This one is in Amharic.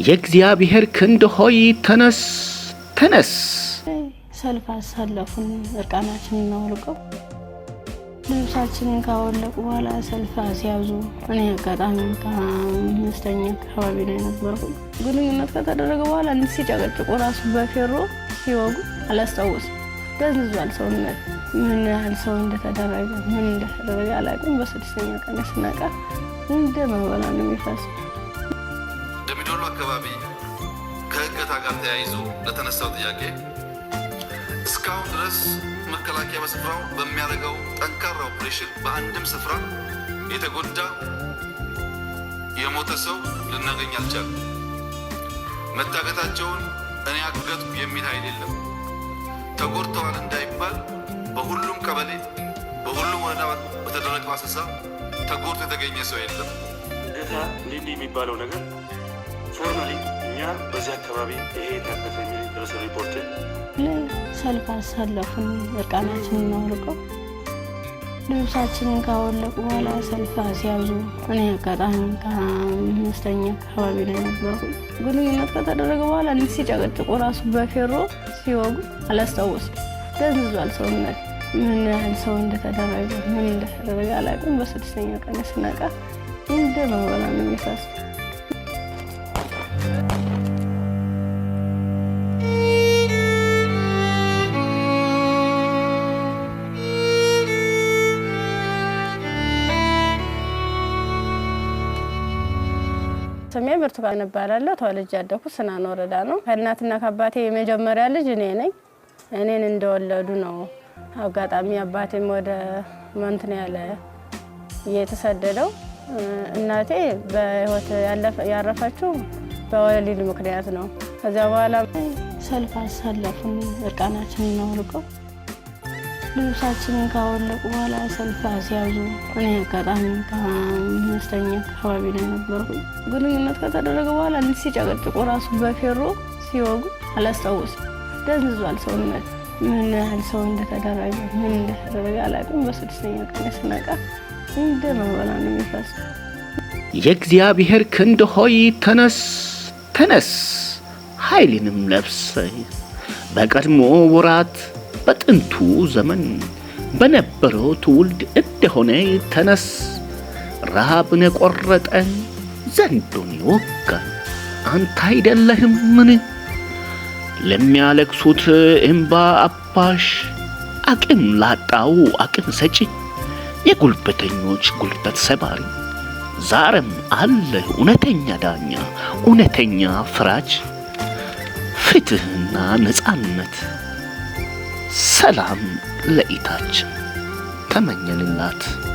የእግዚአብሔር ክንድ ሆይ ተነስ ተነስ። ሰልፍ አሳለፉን፣ እርቃናችንን አወልቀው ልብሳችንን ካወለቁ በኋላ ሰልፍ ሲያዙ፣ እኔ አጋጣሚ ከአምስተኛ አካባቢ ነው የነበርኩ። ግንኙነት ከተደረገ በኋላ እንዲህ ሲጨቀጭቁ ራሱ በፌሮ ሲወጉ አላስታውስም። ደንዝዟል ሰውነት። ምን ያህል ሰው እንደተደረገ ምን እንደተደረገ አላውቅም። በስድስተኛ ቀን ስነቃ እንደ መበላ ነው የሚፈስ በሚዶሎ አካባቢ ከእገታ ጋር ተያይዞ ለተነሳው ጥያቄ እስካሁን ድረስ መከላከያ በስፍራው በሚያደርገው ጠንካራ ኦፕሬሽን በአንድም ስፍራ የተጎዳ የሞተ ሰው ልናገኝ አልቻለም። መታገታቸውን እኔ አገትኩ የሚል ኃይል የለም። ተጎድተዋል እንዳይባል በሁሉም ቀበሌ፣ በሁሉም ወረዳ በተደረገው አሰሳ ተጎድቶ የተገኘ ሰው የለም። እገታ የሚባለው ነገር ፎርማሊ እኛ በዚህ አካባቢ ይሄ የታቀፈ የሚል የደረሰ ሪፖርት ሰልፍ አሳለፍን። እርቃናችን አውልቀው ልብሳችንን ካወለቁ በኋላ ሰልፍ ሲያዙ እኔ አጋጣሚ ከአምስተኛ አካባቢ ላይ ነበርኩ። ግንኙነት ከተደረገ በኋላ እንዲህ ሲጨቀጭቁ ራሱ በፌሮ ሲወጉ አላስታወስም። ደንዝዟል ሰውነት። ምን ያህል ሰው እንደተደረገ ምን እንደተደረገ አላውቅም። በስድስተኛ ቀን ስነቃ እንደ መበላ ነው የሚሳስ ስሜ ብርቱካን እባላለሁ። ተወልጄ ያደኩት ስናን ወረዳ ነው። ከእናትና ከአባቴ የመጀመሪያ ልጅ እኔ ነኝ። እኔን እንደወለዱ ነው። አጋጣሚ አባቴም ወደ መንትን ያለ የተሰደደው እናቴ በህይወት ያረፈችው በወሊድ ምክንያት ነው። ከዚያ በኋላ ሰልፍ አሳለፉን እርቃናችን እናወርቀው ልብሳችንን ካወለቁ በኋላ ሰልፍ ሲያዙ እኔ አጋጣሚ ከአምስተኛ አካባቢ ነው ነበርኩ። ግንኙነት ከተደረገ በኋላ እንዲህ ሲጨቀጭቁ ራሱ በፌሮ ሲወጉ አላስታውስም። ደንዝዟል ሰውነት። ምን ያህል ሰው እንደተደረገ ምን እንደተደረገ አላውቅም። በስድስተኛ ቀን ስነቃ እንደ መበላ ነው የሚፈስ። የእግዚአብሔር ክንድ ሆይ ተነስ ተነስ፣ ኃይልንም ለብሰ በቀድሞ ውራት በጥንቱ ዘመን በነበረው ትውልድ እንደሆነ ተነስ፣ ረሃብን የቆረጠን ዘንዶን ይወጋል አንተ አይደለህም ምን? ለሚያለቅሱት እምባ አባሽ፣ አቅም ላጣው አቅም ሰጪ፣ የጉልበተኞች ጉልበት ሰባሪ፣ ዛሬም አለ እውነተኛ ዳኛ፣ እውነተኛ ፍራጅ፣ ፍትህና ነጻነት ሰላም ለኢታችን ተመኘንላት።